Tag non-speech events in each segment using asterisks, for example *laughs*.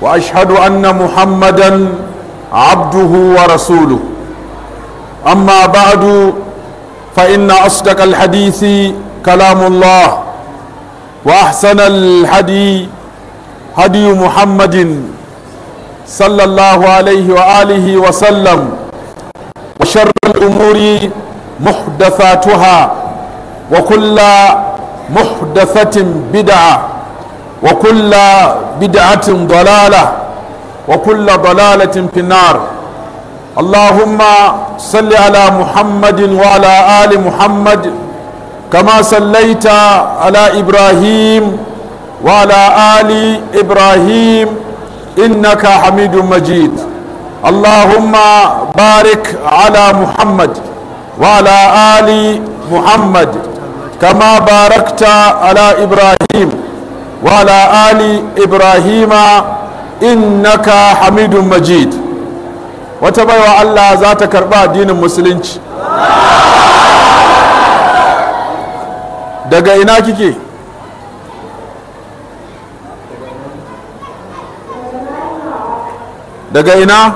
واشهد ان محمدا عبده ورسوله اما بعد فان اصدق الحديث كلام الله واحسن الهدي هدي محمد صلى الله عليه واله وسلم وشر الامور محدثاتها وكل محدثه بدعه wa kulla bid'atin dalala wa kulla dalalatin finnar allahumma salli ala muhammadin wa ala ali muhammad kama sallaita ala ibrahim wa ala ali ibrahim innaka Hamidu majid allahumma barik ala muhammad wa ala ali muhammad kama barakta ala ibrahim وعلى آل إبراهيم إنك حميد مجيد وتبايع الله ذات كربا دين المسلمين daga ina kike daga ina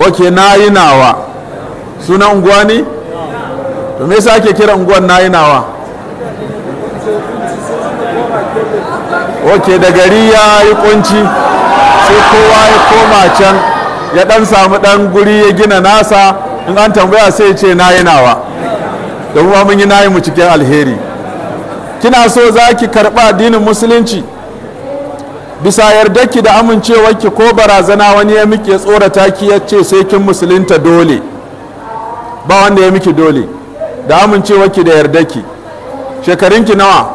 ok na nawa sunan unguwa ne? to me yasa ake kira unguwan ok da gari ya yi kunci sai kowa ya koma can ya dan samu dan guri ya gina nasa in an tambaya sai ce na yi nawa da kuma mun yi nayi mu cikin alheri kina so za ki karba addinin musulunci bisa yarda ki da amincewarki ko barazana wani ya muke tsorata ki ya ce sai kin musulunta dole ba wanda ya miki dole da amincewarki da yarda yardarki shekarunki nawa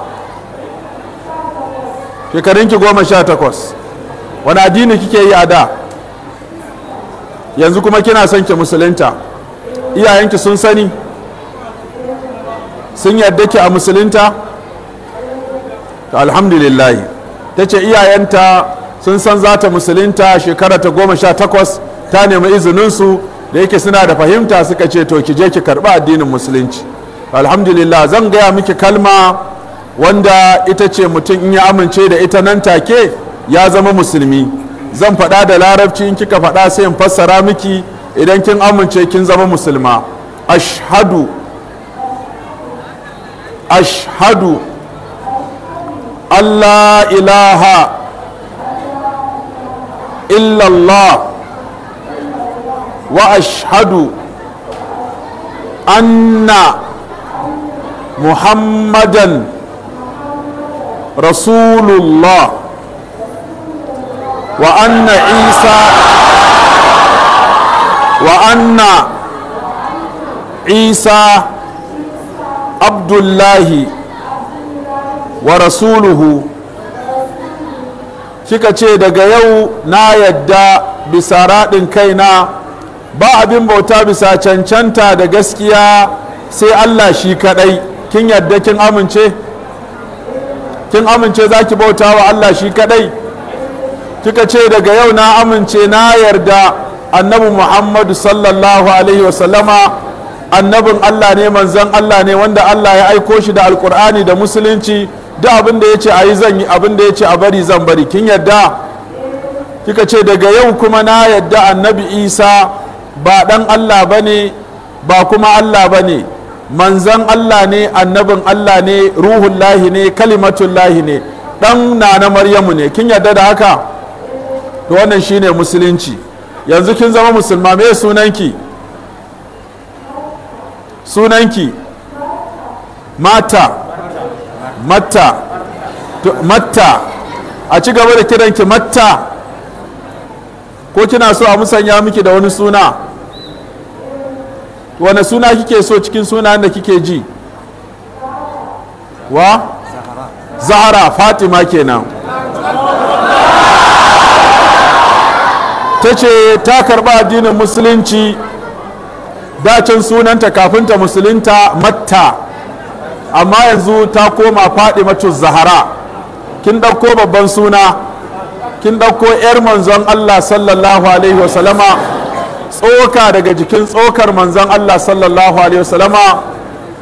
shekarunki goma sha takwas wani addini kike yi a da yanzu kuma kina son ki musulunta iyayenki sun sani sun yarda ki a musulunta alhamdulillah ta ce iyayenta sun san za ta musulunta shekara ta goma sha takwas ta nemi izininsu da yake suna da fahimta suka ce to ki je ki karɓi addinin musulunci alhamdulillah zan gaya miki kalma wanda ita ce mutum in ya amince da ita nan take ya zama musulmi zan faɗa da larabci in kika faɗa sai in fassara miki idan kin amince kin zama musulma ashadu ashadu allah ilaha illallah wa ashadu anna muhammadan rasulullah wa isa wa abdullahi wa rasuluhu kika ce daga yau na yadda bisa raɗin kaina ba abin bauta bisa cancanta da gaskiya sai allah shi kaɗai kin yadda kin amince kin amince za ki bauta wa Allah shi kadai kika ce daga yau na amince na yarda annabi muhammadu sallallahu alaihi wasallama annabin Allah ne Manzon Allah ne wanda Allah ya aiko shi da alkur'ani da musulunci duk abin da ya ce a yi zan yi abin da ya ce a bari zan bari kin yarda kika ce daga yau kuma na yarda annabi isa ba dan Allah ba ne ba kuma Allah ba ne manzan Allah ne annabin Allah ne ruhun lahi ne kalimatun lahi ne dan nana maryamu ne kin yarda da haka to wannan shine musulunci yanzu kin zama musulma me sunanki sunanki mata matta matta a ci gaba da kiranki matta ko kina so a musanya miki da wani suna wane suna kike so cikin sunayen da kike ji wa zahara fatima kenan ta ce ta karba addinin musulunci dacin sunanta kafin ta musulunta matta amma yanzu ta koma fatimatu zahara kin ɗauko babban suna kin ɗauko 'yar manzon allah sallallahu alaihi wasallama tsoka daga jikin tsokar manzon Allah sallallahu alaihi wasallama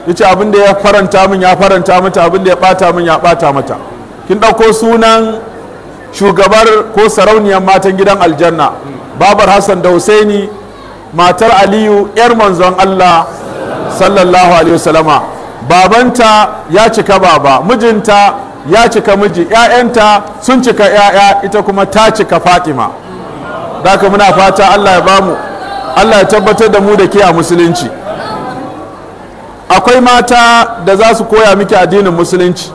yace abin da ya faranta min ya faranta mata abin ya bata min ya bata mata kin dauko sunan shugabar ko sarauniyar matan gidan aljanna babar Hassan da Husaini matar Aliyu yar manzon Allah sallallahu alaihi wasallama babanta ya cika baba mijinta ya cika miji ‘ya'yanta sun cika ‘ya'ya ita kuma ta cika fatima da muna fata allah ya bamu Allah ya tabbatar da mu da ke a musulunci akwai mata da za su koya miki addinin musulunci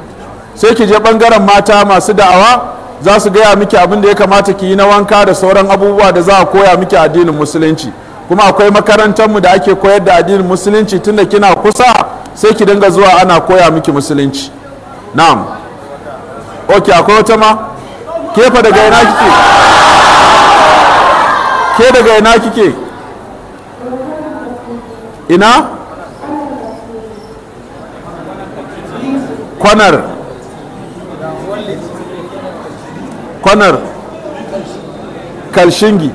sai ki je bangaren mata masu da'awa za su gaya miki abin da ya kamata ki yi na wanka da sauran abubuwa da za a koya miki addinin musulunci kuma akwai makarantar mu da ake koyar da addinin musulunci tunda kina kusa sai ki dinga zuwa ana koya miki musulunci na'am ok akwai wata ma kefa daga ina kike ke daga ina kike ina kwanar kwanar kalshingi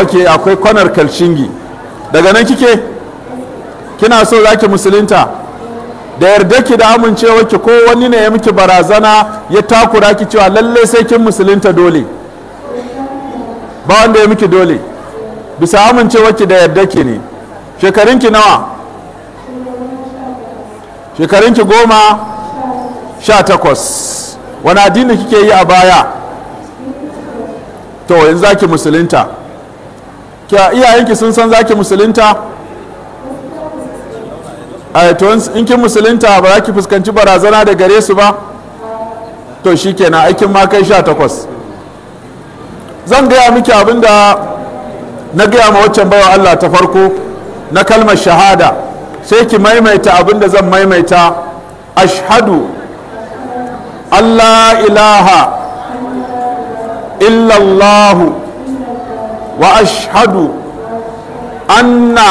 ok akwai kwanar kalshingi daga nan kike kina so zaki musulunta da yarda ki da amincewa ki ko wani ne ya miki barazana ya takura ki cewa lalle sai kin musulunta dole ba wanda ya miki dole bisa amincewa ki da yarda ki ne shekarunki nawa shekarunki goma sha takwas wani addini kike yi a baya to yanzu zaki musulunta kya iyayenki sun san zaki musulunta a to in kin musulunta ba za ki fuskanci barazana da gare su ba to shi kenan aikin ma kai sha takwas zan gaya miki abinda na gaya ma waccan bawa allah ta farko na kalmar shahada sai ki maimaita abin da zan maimaita ashhadu allah ilaha illallahu wa ashadu anna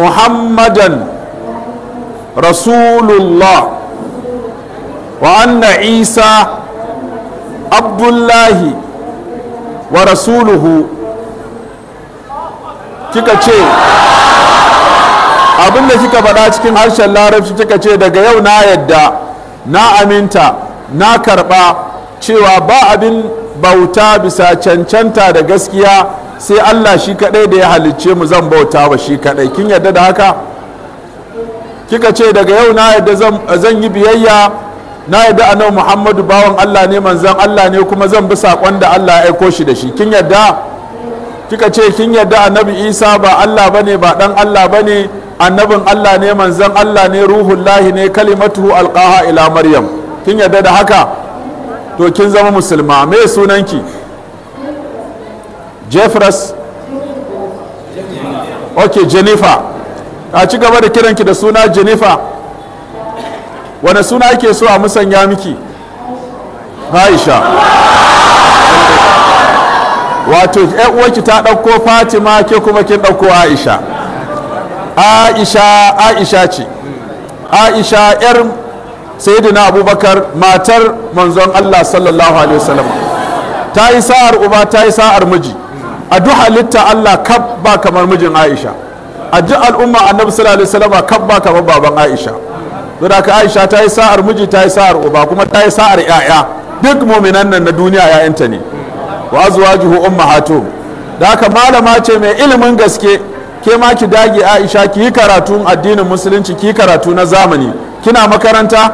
muhammadan rasulullah wa anna isa abdullahi wa rasuluhu kika ce abin da kika faɗa cikin harshen larabci kika ce daga yau na yadda na aminta na karɓa cewa ba abin bauta bisa cancanta da gaskiya sai allah shi kaɗai da ya halicce mu zan bauta wa shi kaɗai kin yadda da haka kika ce daga yau na yadda zan yi biyayya na yadda annabi muhammadu bawan allah ne manzan allah ne kuma zan bi saƙon da allah ya aiko shi da shi kin yadda kika ce kin yadda annabi isa ba allah ba ne ba dan allah bane annabin allah ne manzan allah ne ruhun lahi ne kalimatuhu alqaha ila maryam kin yadda da haka to kin zama musulma me sunanki jeffress ok jennifer a ci gaba da kiranki da suna jennifer wane suna ake so a musanya miki aisha wato uwarki ta ɗauko fatima ke kuma kin ɗauko aisha aisha aisha ce aisha yar sayyidina abubakar matar manzon allah sallallahu alaihi wasallam ta yi sa'ar uba ta yi sa'ar miji a duk halitta allah kab ba kamar mijin aisha a duk al'umma annabi sallallahu alaihi wasallam kab ba kamar baban aisha saboda ka aisha ta yi sa'ar miji ta yi sa'ar uba kuma ta yi sa'ar 'ya'ya duk muminan nan na duniya 'ya'yanta ne wa azwajuhu ummahatuhum da haka malama ce mai ilimin gaske ke ma ki dage Aisha ki yi karatun addinin musulunci ki karatu na zamani kina makaranta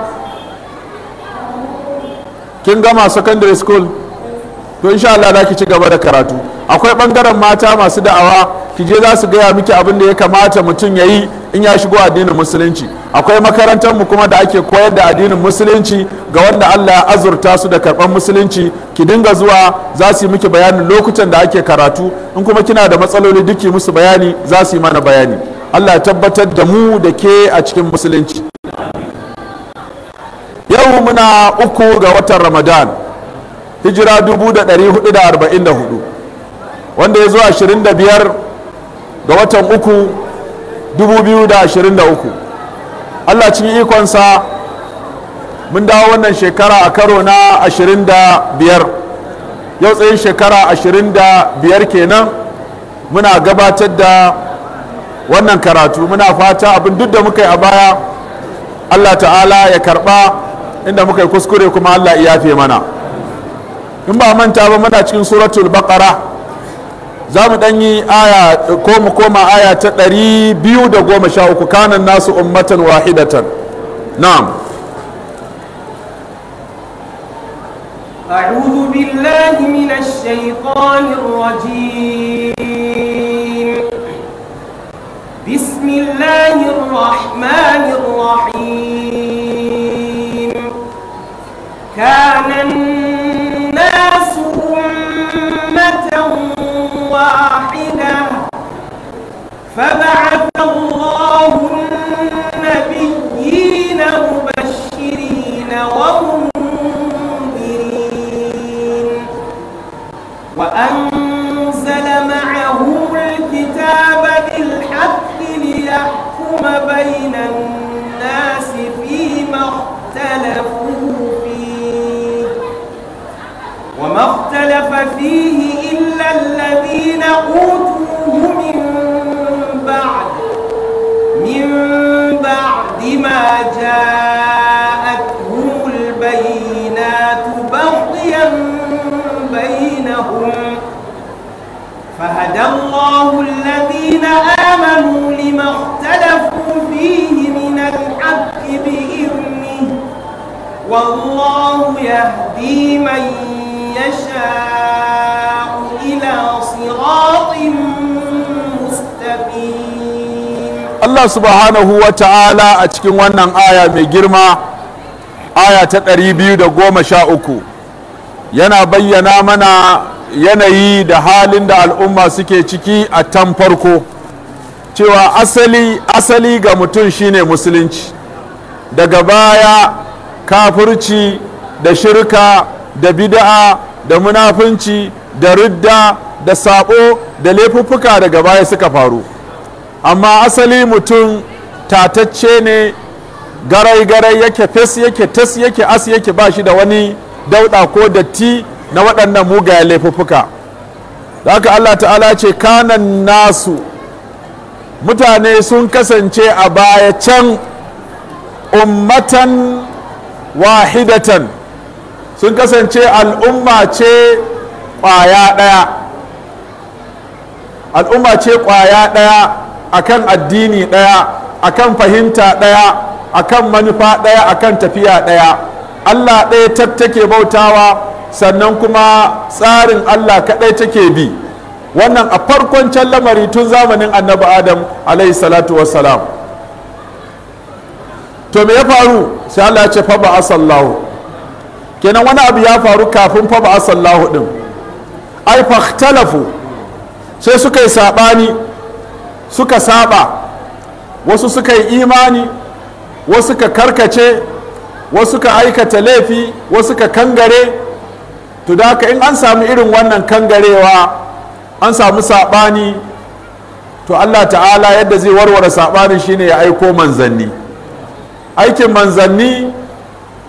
kin gama secondary school to insha Allah za ki ci gaba da karatu akwai bangaren mata masu da'awa ki je za su gaya miki abin da ya kamata mutum ya yi in ya shigo addinin musulunci akwai makarantar mu kuma da ake koyar da addinin musulunci ga wanda Allah ya azurta su da karban musulunci ki dinga zuwa za su yi miki bayanin lokutan da ake karatu in kuma kina da matsaloli duki musu bayani za su yi mana bayani Allah ya tabbatar da mu da ke a cikin musulunci yau muna uku ga watan ramadan hijira 1444 wanda ya zo 25 ga watan uku 2023 allah cikin ikonsa mun dawo wannan shekara a karo na 25 yau tsayin shekara 25 kenan muna gabatar da wannan karatu muna fata abin duk da muka yi a baya allah ta'ala ya karba inda muka yi kuskure kuma allah ya yafe mana in ba manta ba muna cikin suratul baqara za mu yi aya ko mu koma aya ta ɗari biyu da goma sha uku kanan nasu ummatan wahidatan na'am أعوذ بالله من الشيطان الرجيم بسم الله الرحمن فبعث الله النبيين مبشرين ومنذرين وأنزل معه الكتاب بالحق ليحكم بين الناس فيما اختلفوا فيه وما اختلف فيه إلا الذين أوتوا الله الذين آمنوا لما اختلفوا فيه من الحق بإذنه والله يهدي من يشاء إلى صراط Allah subhanahu wa ta’ala a cikin wannan aya mai girma aya ta ɗari biyu da goma sha uku yana bayyana mana yanayi da halin da al'umma suke ciki a tan farko cewa asali asali ga mutum shine musulunci daga baya kafurci da shirka da bida'a da munafunci da ridda da sabo da laifuffuka daga baya suka faru amma asali mutum tatacce ne garai-garai yake fes yake tas yake as yake ba shi da wani dauɗa ko datti na waɗannan mugayen laifuffuka da haka allah ta'ala ce kanan nasu mutane sun kasance a baya can ummatan wahidatan sun kasance al'umma ce ƙwaya ɗaya al'umma ce ƙwaya ɗaya akan addini ɗaya akan fahimta ɗaya akan manufa ɗaya akan tafiya ɗaya allah ɗaya tattake bautawa sannan kuma tsarin Allah kaɗai take bi wannan a farkon can lamari tun zamanin annabi adam alaihi salatu wassalam to me ya faru sai Allah ce fa ba kenan wani abu ya faru kafin fa ba din ai fahtalafu sai suka yi saɓani suka saba wasu suka yi imani wasu ka karkace wasu ka aikata laifi wasu ka kangare to da haka in an samu irin wannan kangarewa an samu saɓani to allah ta'ala yadda zai warware saɓanin shine ya aiko manzanni aikin manzanni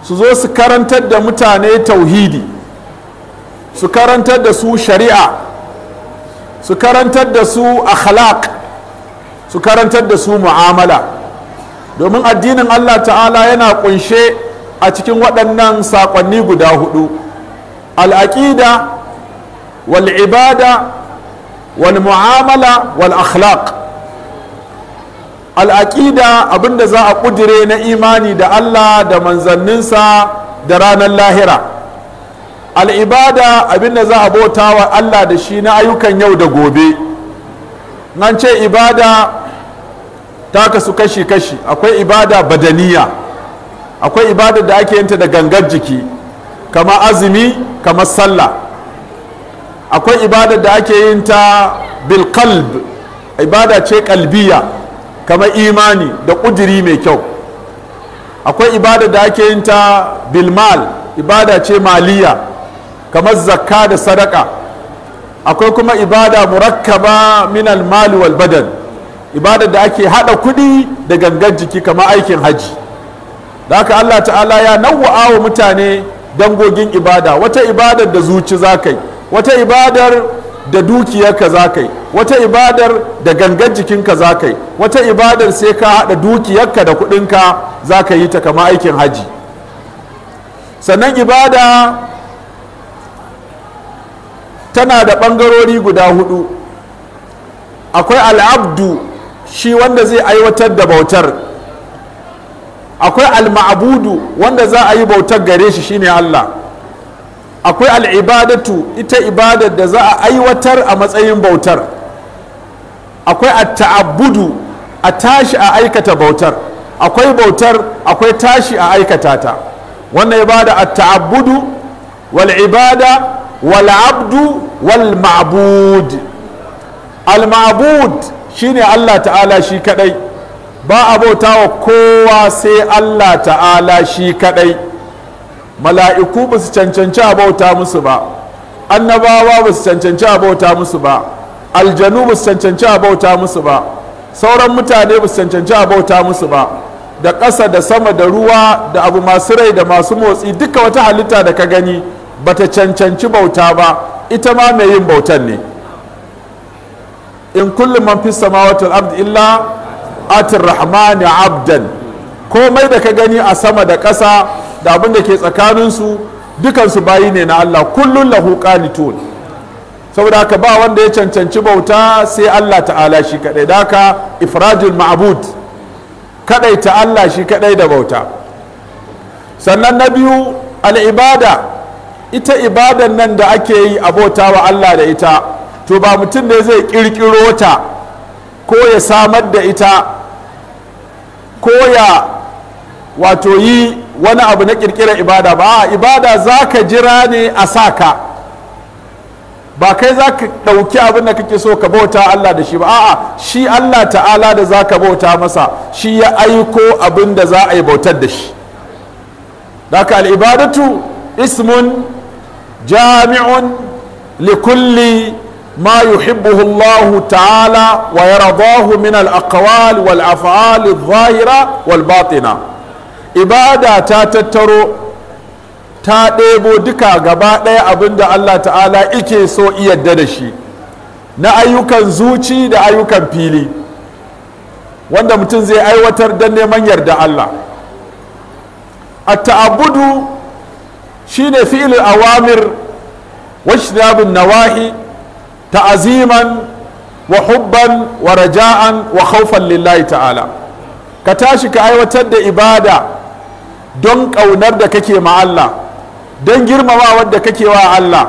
su zo su karantar da mutane tauhidi su karantar da su shari'a su karantar da su akhlaq su karantar da su mu'amala domin addinin allah ta'ala yana kunshe a cikin waɗannan saƙonni guda hudu al'aƙida wal'ibada wal'mu'amala wal'akhlaq al'aƙida abinda za a ƙudire na imani da allah da manzanninsa da ranar lahira al'ibada abinda za a bauta wa allah da shi na ayyukan yau da gobe nan ce ibada ta kasu kashi-kashi akwai ibada badaniya akwai ibada da ake yinta da gangar jiki kama azumi kamar sallah akwai ibada da ake yin ta bilkalb ibada ce kalbiya kamar imani da ƙudiri mai kyau akwai ibada da ake yin ta bilmal ibada ce maliya kamar zakka da sadaka akwai kuma ibada murakkaba min almali wal badan ibada da ake hada kudi da gangan jiki kamar aikin haji da haka allah ta'ala ya nawwa'a wa mutane dangogin ibada wata ibadar da zuci zakai wata ibadar da dukiyarka za wata ibadar da gangan jikinka za ka yi wata ibadar sai ka haɗa dukiyarka da kuɗinka za ka yi ta kama aikin haji sannan ibada tana da ɓangarori guda hudu akwai al'abdu shi wanda zai aiwatar da bautar akwai alma'abudu wanda za a yi bautar gare shi shine Allah akwai al'ibadatu ita ibadar da za a aiwatar a matsayin bautar akwai at-ta'abbudu a tashi a aikata bautar akwai bautar akwai tashi a aikata ta wannan ibada at-ta'abbudu wal ibada wal abdu ma'bud al shine Allah ta'ala shi kadai ba a bauta wa kowa sai Allah ta'ala shi kadai mala'iku ba su cancanci a bauta musu ba annabawa ba su cancanci a bauta musu ba aljanu ba su cancanci a bauta musu ba sauran mutane ba su cancanci a bauta musu ba da ƙasa da sama da ruwa da abu masu rai da masu motsi duka wata halitta da ka gani ba ta cancanci bauta ba ita ma mai yin bautan ne in kullum man fi samawati al illa atir rahmani abdan komai da ka gani a sama da ƙasa da abin da ke tsakaninsu dukansu bayi ne na Allah kullum lahu qanitun saboda haka ba wanda ya cancanci bauta sai Allah ta'ala shi kadai da haka ifradul ma'bud kadai ta Allah shi kadai da bauta sannan na biyu al'ibada ita ibadan nan da ake yi a bauta wa Allah da ita to ba mutum ne zai kirkiro ta ko ya samar da ita koya wato yi wani abu na ƙirƙirar ibada ba ibada za ka jira ne a sa ka ba kai za ka ɗauki abin da kake so ka bauta Allah da shi ba a'a shi Allah ta'ala da za ka bauta masa shi ya aiko abin da za a yi bautar da shi daga al'ibadatu ismun jami'un likulli ما يحبه الله تعالى ويرضاه من الأقوال والأفعال الظاهرة والباطنة إبادة تاتترو ta ɗebo duka gaba ɗaya abin da Allah ta'ala ike so yadda da shi na ayyukan zuci da ayyukan fili wanda mutum zai aiwatar don neman yarda Allah a ta'abudu shine fi'il awamir washdabun nawahi ta'aziman wa hubban wa raja'an wa khaufan lillahi ta'ala ka tashi ka aiwatar da ibada don ƙaunar da kake ma Allah don girmamawar da kake wa Allah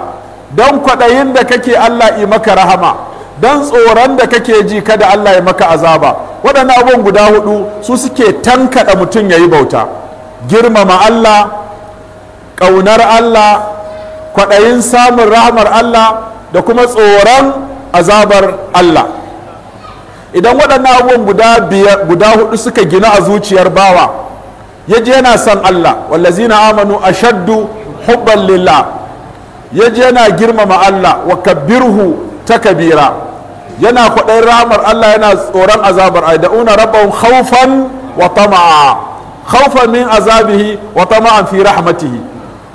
don kwaɗayin da kake Allah yi maka rahama don tsoron da kake ji kada Allah ya maka azaba waɗannan abubuwan guda hudu su suke tankaɗa mutum ya yi bauta girmama Allah ƙaunar Allah kwaɗayin samun rahamar Allah da kuma tsoron azabar Allah idan waɗannan abubuwan guda biyar guda hudu suka gina a zuciyar bawa yaji yana son Allah wallazina amanu ashaddu hubban lillah yaji yana girmama Allah wa ta kabira yana kwaɗayin ramar Allah yana tsoron azabar ai da'una rabbahum khawfan wa tama'a khawfan min azabihi wa tama'an fi rahmatihi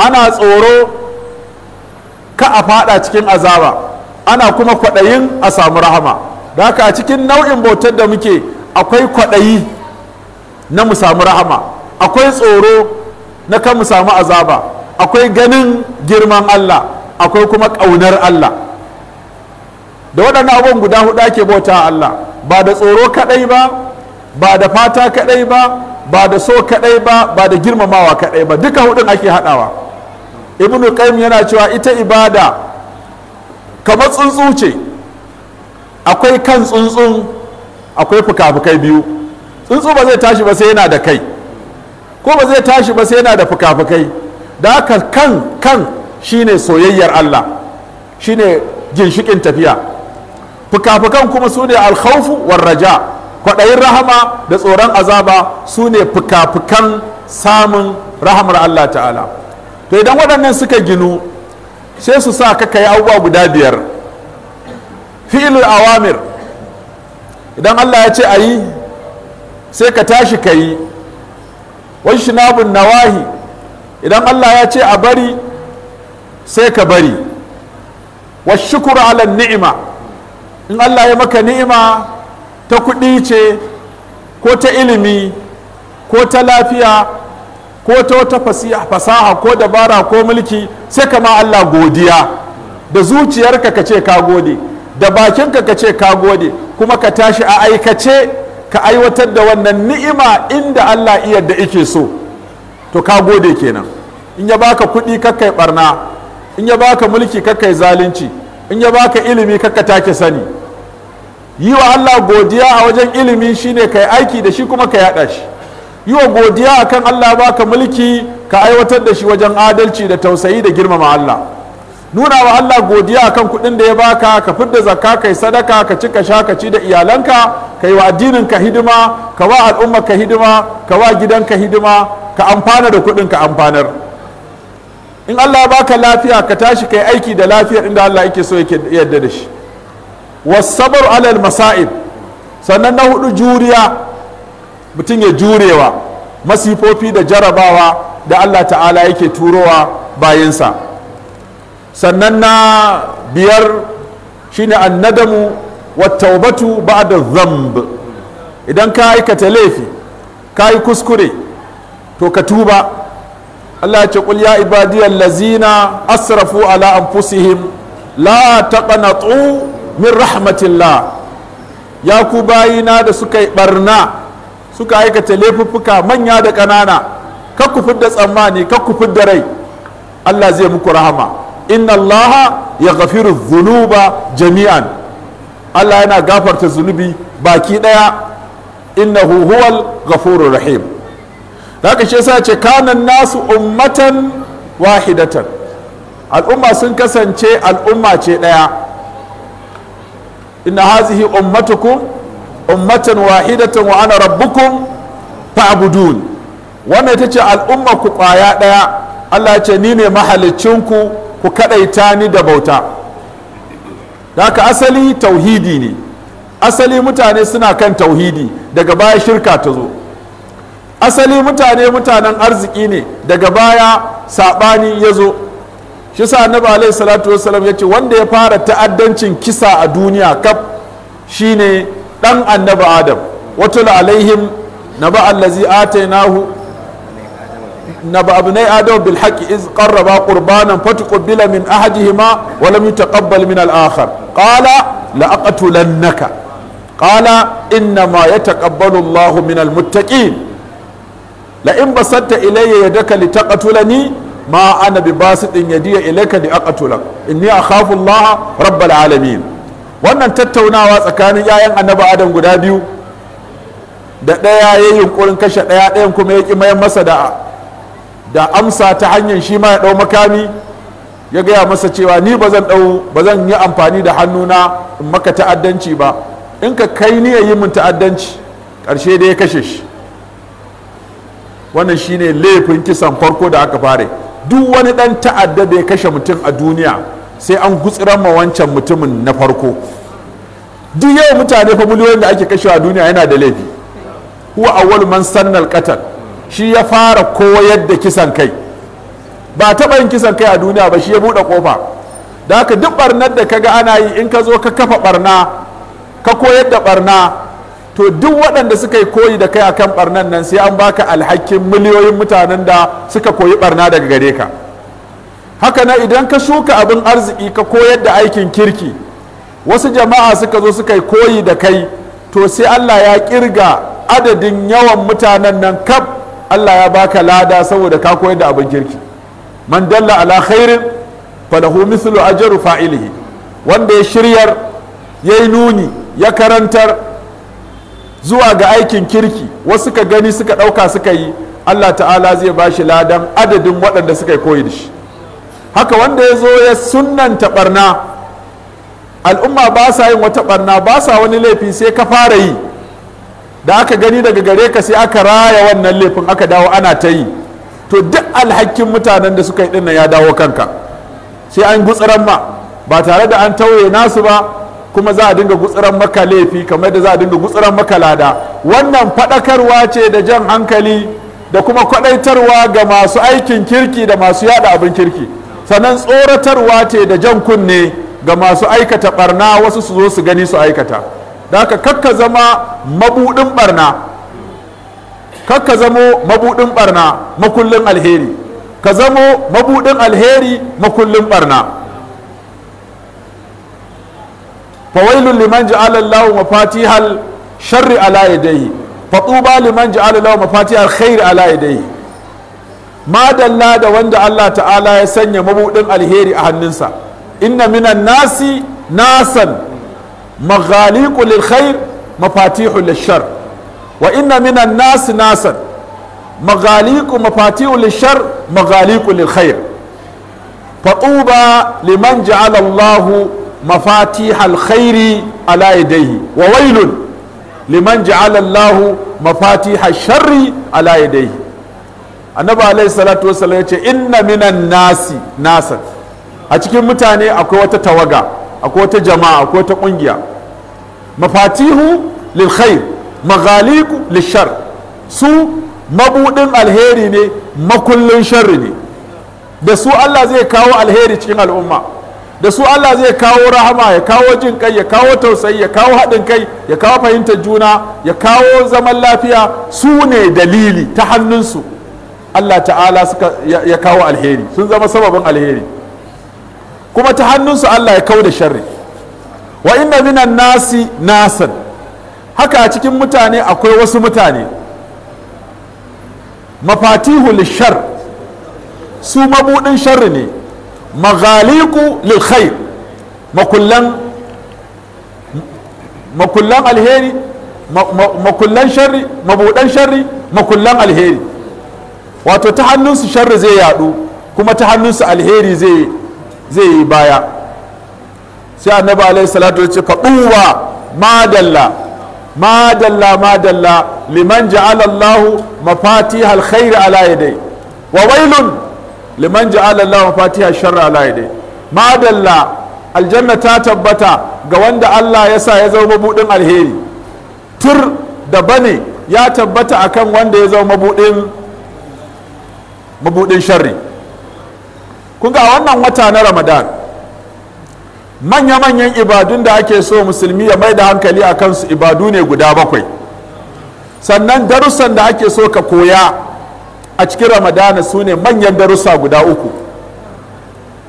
ana tsoro ka a fada cikin azaba ana kuma kwaɗayin a samu rahama da haka a cikin nau'in bautar da muke akwai kwaɗayi na mu samu rahama akwai tsoro na kan mu samu azaba akwai ganin girman Allah akwai kuma ƙaunar Allah da waɗannan abubuwan guda huɗu ake bauta Allah ba da tsoro kaɗai ba ba da fata kaɗai ba ba da so kaɗai ba ba da girmamawa kaɗai ba duka huɗun ake haɗawa ibn qayyim yana cewa ita ibada kamar tsuntsu ce akwai kan tsuntsun akwai fuka biyu tsuntsu ba zai tashi ba sai yana da kai ko ba zai tashi ba sai yana da fuka da haka kan kan shine soyayyar Allah shine ginshikin tafiya fuka kuma su ne alkhawfu war raja kwaɗayin rahama da tsoron azaba su ne fuka samun rahamar Allah ta'ala to idan waɗannan suka ginu sai su sa ka yi abubuwa guda biyar fi'ilul awamir idan allah ya ce a yi sai ka tashi ka yi washinabun nawahi idan allah ya ce a bari sai ka bari shukuru ala ni'ima in allah ya maka ni'ima ta kuɗi ce ko ta ilimi ko ta lafiya ko ta wata fasaha ko dabara ko mulki sai kama Allah godiya da zuciyarka ka ce ka gode da bakinka ka ce ka gode kuma ka tashi a aikace ka aiwatar da wannan ni'ima inda Allah iya da ike so to ka gode kenan in ya baka kuɗi kakkai barna in ya baka mulki kakkai zalunci in ya baka ilimi kakka take sani yi wa Allah godiya a wajen ilimi shine kai aiki da shi kuma ka yada shi yi wa godiya akan Allah ba ka mulki ka aiwatar da shi wajen adalci da tausayi da girmama Allah nuna wa Allah godiya akan kuɗin da ya baka ka fidda zakka kai sadaka ka ci ka sha ka ci da iyalanka ka yi wa addinin ka hidima ka wa al'umma ka hidima ka wa gidan ka hidima ka amfana da kuɗin ka amfanar in Allah ya baka lafiya ka tashi kai aiki da lafiyar inda Allah yake so yake yadda da shi wasabar alal masa'ib sannan na hudu juriya mutum ya jurewa masifofi da jarabawa da allah ta'ala yake turowa bayansa sannan na biyar shine annadamu wattaubatu ba'da zamb idan ka aikata laifi ka yi kuskure to ka tuba allah ya ce qul ya ibadiyal lazina asrafu ala anfusihim la taqnatu min rahmatillah ya ku bayina da suka yi barna suka aikata laifuffuka manya da ƙanana kakkufin da tsammani kakkufin da rai allah zai muku rahama inna allah ya gafiru zunuba jami'an allah yana gafarta zunubi baki ɗaya inna huwal ghafurur rahim haka shi yasa ce kanan nasu ummatan wahidatan al'umma sun kasance al'umma ce ɗaya inna hazihi ummatukum ummatan wahidatan wa ana rabbukum fa'budun wannan ita ce al'umma ku kwaya daya Allah ya ce ni ne mahalicinku ku ku kadaita ni da bauta haka asali tauhidi ne asali mutane suna kan tauhidi daga baya shirka ta zo asali mutane mutanen arziki ne daga baya sabani ya zo shi sa annabi alaihi salatu wasallam ya ce wanda ya fara ta'addancin kisa a duniya kaf shine dan annabi adam watul alaihim naba allazi atainahu naba abnai adam bil haqqi iz qarraba qurbanan fatuqbila min ahadihima wa lam yutaqabbal min al akhar qala la aqtulannaka qala inna ma yataqabbalu allah min al muttaqin la in basatta ilayya yadaka litaqtulani ma ana bi basitin yadiya ilayka li aqtulak inni akhafu allah rabbal alamin wannan tattaunawa tsakanin 'ya'yan annabi adam guda biyu da ɗaya ya yi yunkurin kashe ɗaya ɗayan kuma ya ƙi mayan masa da da amsa ta hanyar shi ma ya ɗau makami ya gaya masa cewa ni ba zan ɗau ba zan yi amfani da hannuna in maka ta'addanci ba in ka kai ni ya yi min ta'addanci ƙarshe da ya kashe shi wannan shine laifin kisan farko da aka fare duk wani ɗan ta'adda da ya kashe mutum a duniya sai an gutsiran ma wancan mutumin na farko duk yau mutane fa miliyoyin da ake kashewa a duniya yana da laifi huwa awwal man sannal qatal shi ya fara koyar da kisan kai ba taɓa yin kisan kai a duniya ba shi ya buɗe kofa da haka duk barnar da kaga ana yi in ka zo ka kafa barna ka koyar da barna to duk waɗanda suka yi koyi da kai akan barnan nan sai an baka alhakin miliyoyin mutanen da suka koyi barna daga gare ka haka na idan ka shuka abin arziki ka koyar da aikin kirki wasu jama'a suka zo suka yi koyi da kai to sai allah ya kirga adadin yawan mutanen nan kaf allah ya baka lada saboda ka koyar da abin kirki man dalla ala khairin falahu mithlu ajru fa'ilihi wanda ya shiryar ya yi nuni ya karantar zuwa ga aikin kirki wasu ka gani suka ɗauka suka yi allah ta'ala zai ba shi ladan adadin waɗanda suka yi koyi da shi haka wanda ya zo ya sunanta barna al'umma ba sa yin wata ɓarna ba sa wani laifi sai ka fara yi da aka gani daga gare ka sai aka raya wannan laifin aka dawo ana ta yi to duk alhakin mutanen da suka yi dinnan ya dawo kanka sai an gutsiran ma ba tare da an tauye nasu ba kuma za a dinga gutsiran maka laifi kamar da za a dinga gutsiran maka lada wannan faɗakarwa ce da jan hankali da kuma kwaɗaitarwa ga masu aikin kirki da masu yada abin kirki sannan tsoratarwa ce da jan kunne ga masu aikata barna wasu su zo su gani su aikata da haka kakka zama mabudin barna kakka zamo mabudin barna makullin alheri ka zamo mabudin alheri makullin barna fawailun liman ja'ala Allahu mafatihal sharri ala yadayhi fatuba liman ja'ala Allahu mafatihal khairi ala yadayhi madalla da wanda Allah ta'ala ya sanya mabuɗin alheri a hannunsa inna minan nasi nasan maghaliqu lil khair mafatihu lil shar wa inna minan nasi nasan maghaliqu mafatihu lil shar maghaliqu lil khair fatuba liman ja'ala Allah مفاتيح الخير على يديه وويل لمن جعل الله مفاتيح الشر على يديه annabi alaihi salatu wasallam yace inna minan nasi nasan a cikin mutane akwai wata tawaga akwai wata jama'a akwai wata kungiya mafatihu lil khair maghaliqu lil shar su mabudin alheri ne makullin sharri ne da su Allah zai kawo alheri cikin al'umma da su Allah zai kawo rahama ya kawo jin kai ya kawo tausayi ya kawo haɗin kai ya kawo fahimtar juna ya kawo zaman lafiya su ne dalili ta hannunsu Allah ta'ala suka ya kawo alheri sun zama sababin alheri kuma ta hannunsu Allah ya kau da sharri wa inna minan nasi nasan haka a cikin mutane akwai wasu mutane mafatihu lishar su mabudin sharri ne maghaliku lil khair makullan makullan alheri makullan sharri mabudan sharri makullan alheri wato ta hannunsu sharri zai yadu kuma ta hannunsu alheri zai yi baya sai annabi alaihi salatu ya ce ma madalla madalla madalla liman ja'ala Allah mafatih alkhair ala yadai wa wailun liman ja'ala Allah mafatih sharri ala yadai madalla aljanna ta tabbata ga wanda Allah ya sa ya zama mabuɗin alheri tur da bane ya tabbata akan wanda ya zama mabuɗin mabudin sharri kun ga wannan wata na ramadan manya-manyan ibadun da ake so musulmi ya mai da hankali a kansu ibadu ne guda bakwai sannan darussan da ake so ka koya a cikin ramadana su ne manyan darussa guda uku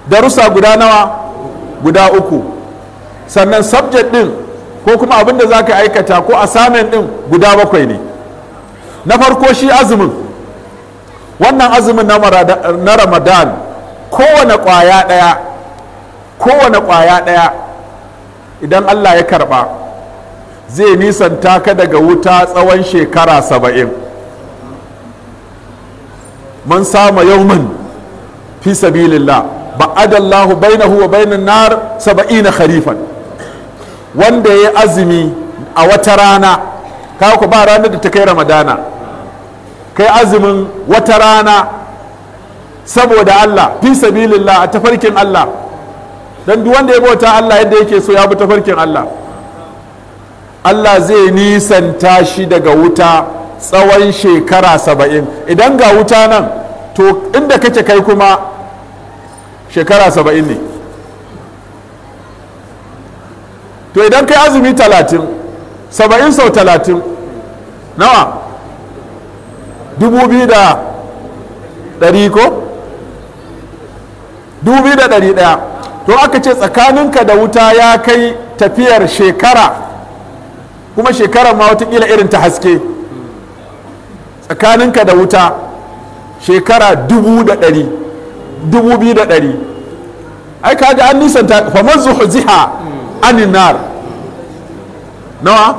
darussa guda nawa guda uku sannan subject din ko kuma abin da za ka aikata ko a assignment din guda bakwai ne na farko shi azumin wannan azumin na ramadan kowane kwaya daya kowane kwaya daya idan allah ya karba zai nisanta ka daga wuta tsawon shekara saba'in man sama yaumin fi sabilillah ba'adallahu bainahu wa bainan nar saba'ina kharifan wanda ya yi azumi a wata rana kawo ku ba ranar da ta kai ramadana kai azumin wata rana saboda Allah fi sabilillah a tafarkin Allah don duk wanda ya bauta Allah yadda yake so ya bi tafarkin Allah Allah zai nisanta shi daga wuta tsawon shekara saba'in idan ga wuta nan to inda kake kai kuma shekara saba'in ne to idan kai azumi talatin saba'in sau talatin nawa dubu biyu da ɗari ko? dubu biyu da ɗari ɗaya to aka ce tsakaninka da wuta ya kai tafiyar shekara kuma shekarar ma watakila irin ta haske tsakaninka da wuta shekara dubu da ɗari dubu biyu da ɗari ai kaji an nisanta famar zuhu ziha aninar nawa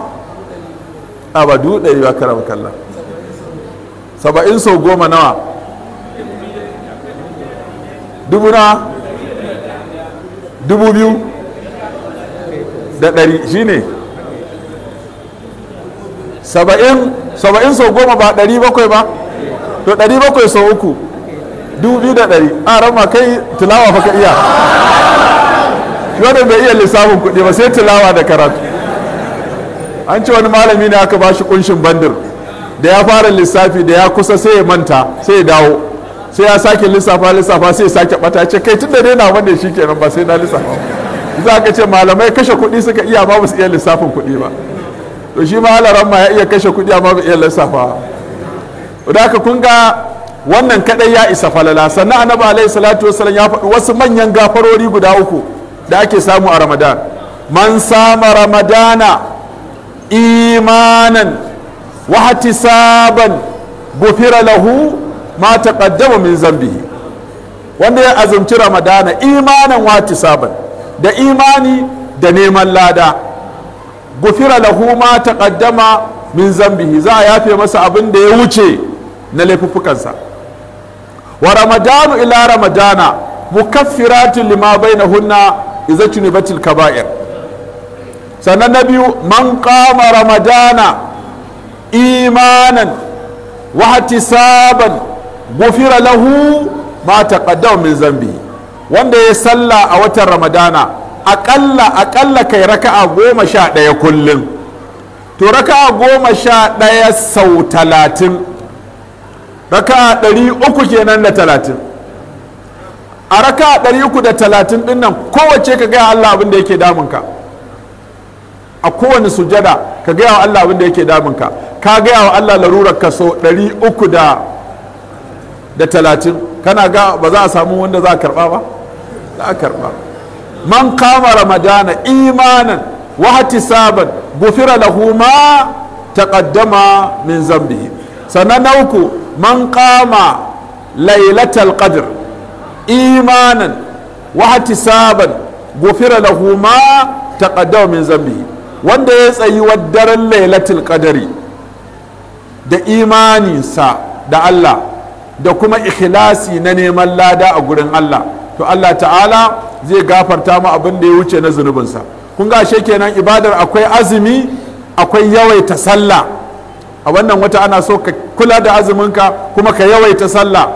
a ba dubu ɗari ba kara kallon saba'in sau goma nawa dubu na dubu biyu da ɗari shi ne saba'in sau goma ba ɗari bakwai ba to ɗari bakwai sau uku dubu biyu da ɗari a rama kai tilawa fa ka iya yadda bai iya lissafin kuɗi ba sai tilawa da karatu an ce wani malami ne aka ba shi kunshin bandir da ya fara lissafi da ya kusa sai ya manta sai ya dawo sai ya sake lissafa lissafa sai ya sake bata ce kai tun da dai na wanda shi kenan ba sai na lissafa za ka ce malamai kashe kuɗi suka iya ba su iya lissafin kuɗi ba to shi ma halaran ma ya iya kashe kuɗi amma ba iya lissafa da ka kun ga wannan kadai ya isa falala sannan annabi alaihi salatu wasallam ya faɗi wasu manyan gafarori guda uku da ake samu a ramadan man sama ramadana imanan wahtisaban gufira lahu ma taqaddama min zambihi wanda ya azumci ramadana wati sabon, da imani da neman lada gufira lahu ma kaddama min zambihi za a yafe masa abin da ya wuce na laifuffukansa wa ramadanu ila ramadana mukaffiratun lima na hunna tunibatil kaba'ir sannan na biyu man kama ramadana imanan wa ihtisaban gufira lahu ma taqaddama min zambi wanda ya salla a watan ramadana akalla akalla kai raka'a goma sha ɗaya kullum to raka'a goma sha ɗaya sau talatin raka'a ɗari uku kenan da talatin a raka'a ɗari uku da talatin ɗin nan kowace ka gaya Allah abin da yake damunka a kowane sujada ka gaya wa Allah abin da yake damunka ka gaya wa Allah larurar ka so ɗari uku da da talatin kana ga ba za a samu wanda za a karɓa ba za a karɓa man kama ramadana imanan wahati saban gufira lahu ma taqaddama min zambihi sannan na uku man kama lailatal qadr imanan wahati saban gufira lahu ma taqaddama min zambihi wanda ya tsayi wa daren lailatul qadari da imaninsa da Allah da kuma ikhlasi na neman lada a gurin Allah to Allah ta'ala zai gafarta mu abin da ya wuce na zunubinsa kun ga ashe kenan ibadar akwai azumi akwai yawaita sallah a wannan wata ana so ka kula da azuminka kuma ka yawaita sallah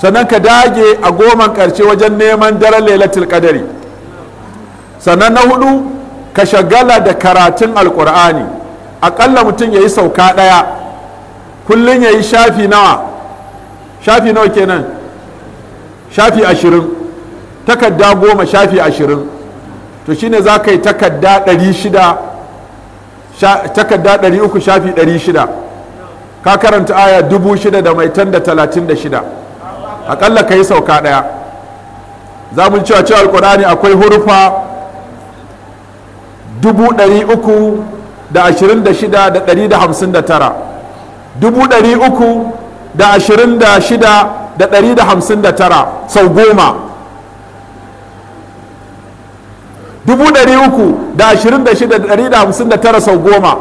sannan ka dage a goman karshe wajen neman daren lailatul qadari sannan na hudu ka shagala da karatun alkur'ani aƙalla mutum ya yi sauka ɗaya kullum ya yi shafi nawa shafi nawa kenan shafi ashirin takadda goma shafi ashirin to shine za ka yi takadda ɗari shida ɗari uku shafi ɗari shida ka karanta aya dubu shida da mai tan da talatin da shida aƙalla ka yi sauka ɗaya za mu cewa cewa alƙur'ani akwai hurufa dubu ɗari uku da ashirin da shida da ɗari da hamsin da tara dubu ɗari uku da ashirin da shida da ɗari da hamsin da tara sau goma dubu ɗari uku da ashirin da shida da ɗari da hamsin da tara sau goma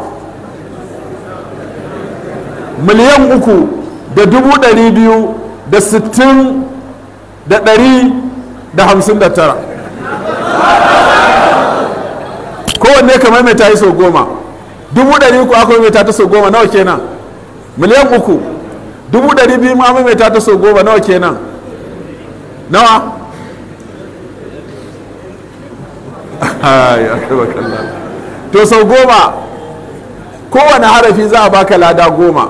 miliyan uku da dubu ɗari biyu da sittin da ɗari da hamsin da tara kowanne kamar mai tayi sau goma dubu ɗari uku aka maimaita ta sau goma nawa kenan miliyan uku dubu ɗari biyu ma maimaita ta sau goma nawa kenan nawa *laughs* to sau goma kowane harafi za a baka lada goma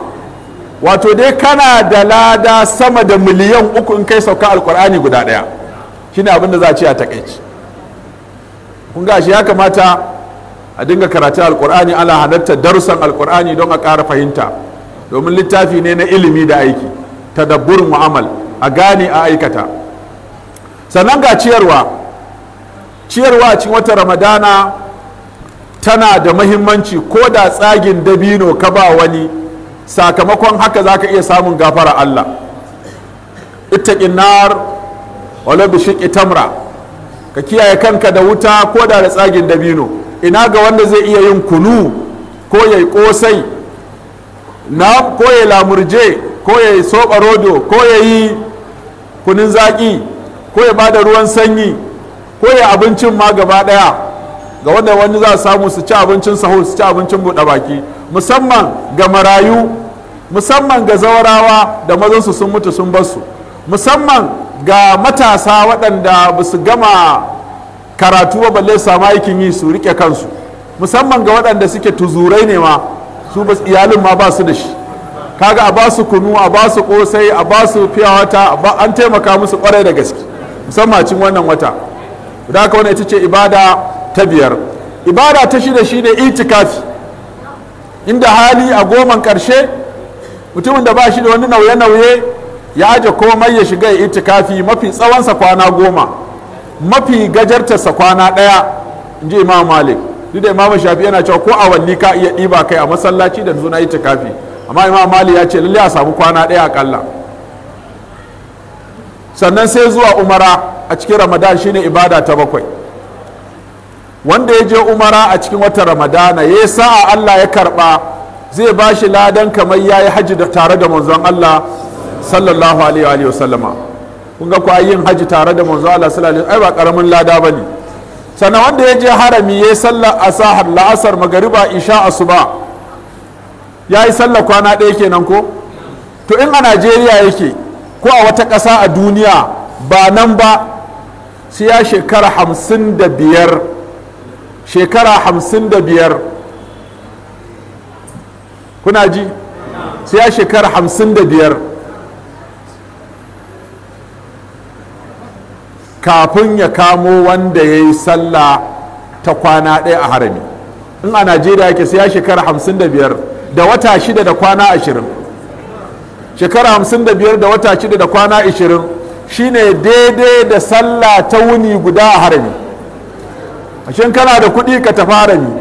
wato dai kana da lada sama da miliyan uku in kai sauka alkur'ani guda ɗaya shine abin da za a ce a takaici kun gashi ya kamata a dinga karatun alkur'ani ala halatta darussan alkur'ani don a ƙara fahimta domin littafi ne na ilimi da aiki tadabbur mu'amal a gane a aikata sannan ga ciyarwa ciyarwa cikin wata ramadana tana da mahimmanci ko da tsagin dabino ka ba wani sakamakon haka za ka iya samun gafara allah ita nar wala bi tamra ka kiyaye kanka da wuta ko da tsagin dabino ina ga wanda zai iya yin kunu ko ya yi kosai na ko ya lamurje ko ya yi soba rodo ko ya yi kunin zaƙi ko ya bada ruwan sanyi ko ya abincin ma gaba ɗaya ga wanda wani za samu su ci abincin sahur su ci abincin buɗe baki musamman ga marayu musamman ga zawarawa da mazansu sun mutu sun basu musamman ga matasa waɗanda ba su gama karatu ba balle samu aikin yi su rike kansu musamman ga waɗanda suke tuzurai ne ma su ba iyalin ma ba su da shi kaga a ba su kunu a ba su kosai a ba su fiyawata an taimaka musu kwarai da gaske musamman cin wannan wata da haka wani ita ce ibada ta biyar ibada ta shida ne itikafi inda hali a goman karshe mutumin da ba shi da wani nauye-nauye ya aje komai ya shiga itikafi mafi tsawonsa kwana goma mafi gajartarsa kwana ɗaya in ji imam malik duk da imam shafi yana cewa ko awanni ka iya ɗiba kai a masallaci da zuna yi tukafi amma imam malik ya ce lalle a samu kwana ɗaya akalla sannan sai zuwa umara a cikin ramadan shine ibada ta bakwai wanda ya je umara a cikin wata ramadana ya yi sa'a allah ya karba zai ba shi ladan kamar ya yi hajji tare da manzon allah sallallahu alaihi wa sallama kun ga kuwa yin haji tare da manzo Allah sallallahu alaihi ai ba karamin lada bane sannan wanda ya je harami yayi sallar asahar la'asar magariba isha asuba yayi sallar kwana ɗaya kenan ko to in a Najeriya yake ko a wata ƙasa a duniya ba nan ba sai ya shekara hamsin shekara hamsin kuna ji sai ya shekara hamsin da biyar kafin ya kamo wanda ya yi sallah ta kwana ɗaya a harami in a najeriya yake sai ya shekara hamsin da biyar da wata shida da kwana ashirin shekara hamsin da biyar da wata shida da kwana ashirin shine daidai da sallah ta wuni guda a harami ashin kana da kuɗi ka tafi harami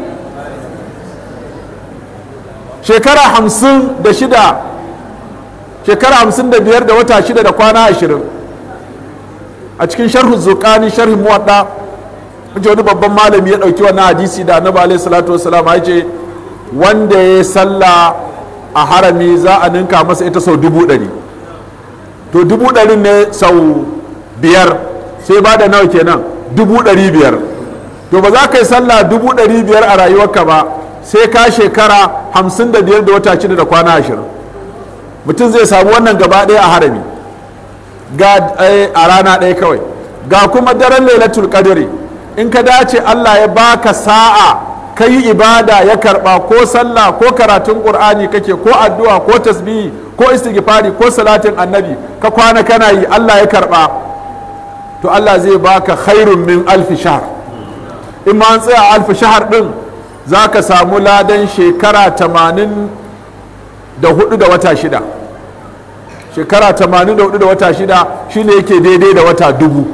shekara hamsin da shida shekara hamsin da biyar da wata shida da kwana ashirin a cikin sharhu zurqani sharhin muwadda ce wani babban malami ya dauki wani hadisi da annabi alaihi salatu wassalam ya ce wanda ya sallah a harami za a ninka masa ita sau dubu ɗari to dubu ɗari ne sau biyar sai ba da nawa kenan dubu ɗari biyar to ba za ka yi sallah dubu ɗari biyar a rayuwarka ba sai ka shekara hamsin da biyar da wata shida da kwana ashirin mutum zai samu wannan gaba ɗaya a harami ga eh, a rana ɗaya kawai ga kuma daren lailatul qadri in ka dace Allah ya baka sa'a ka yi ibada ya karba ko sallah ko karatun qur'ani kake ko addu'a ko tasbihi ko istighfari ko salatin annabi ka kwana kana yi Allah ya karba to Allah zai baka khairun min alfi shahr in ma an tsaya alfi shahr za ka samu ladan shekara tamanin da hudu da wata shida shekara 84 da wata shida shi ne yake daidai da wata dubu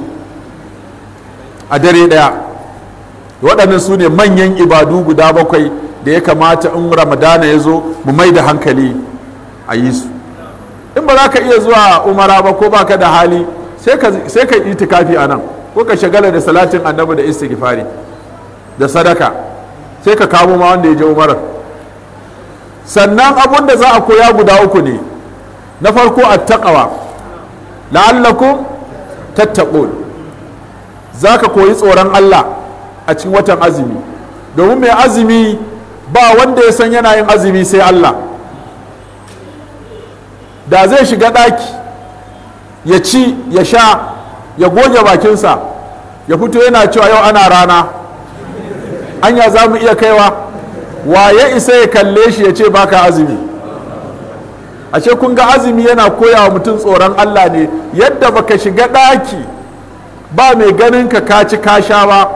a dare daya waɗannan su ne manyan ibadu guda bakwai da ya kamata in ramadana ya zo mu mai da hankali a yi su in ba za ka iya zuwa umara ba ko baka da hali sai ka yi tikafi a nan ko ka shagala da salatin annabi da istighfari da sadaka sai ka kamo ma wanda ya je umarar sannan abun da za a koya guda uku ne na farko a la'allaku la'allakum tattaqun ka koyi tsoron Allah a cikin watan azumi domin mai azumi ba wanda ya san yana yin azumi sai Allah da zai shiga ɗaki ya ci ya sha ya goge bakinsa ya fito yana cewa yau ana rana anya za mu iya kaiwa waye isa ya kalle shi ya ce baka azumi ashe kun ga azumi yana koya wa mutum tsoron Allah ne yadda baka shiga ɗaki ba mai ganin ka ka ci ka sha ba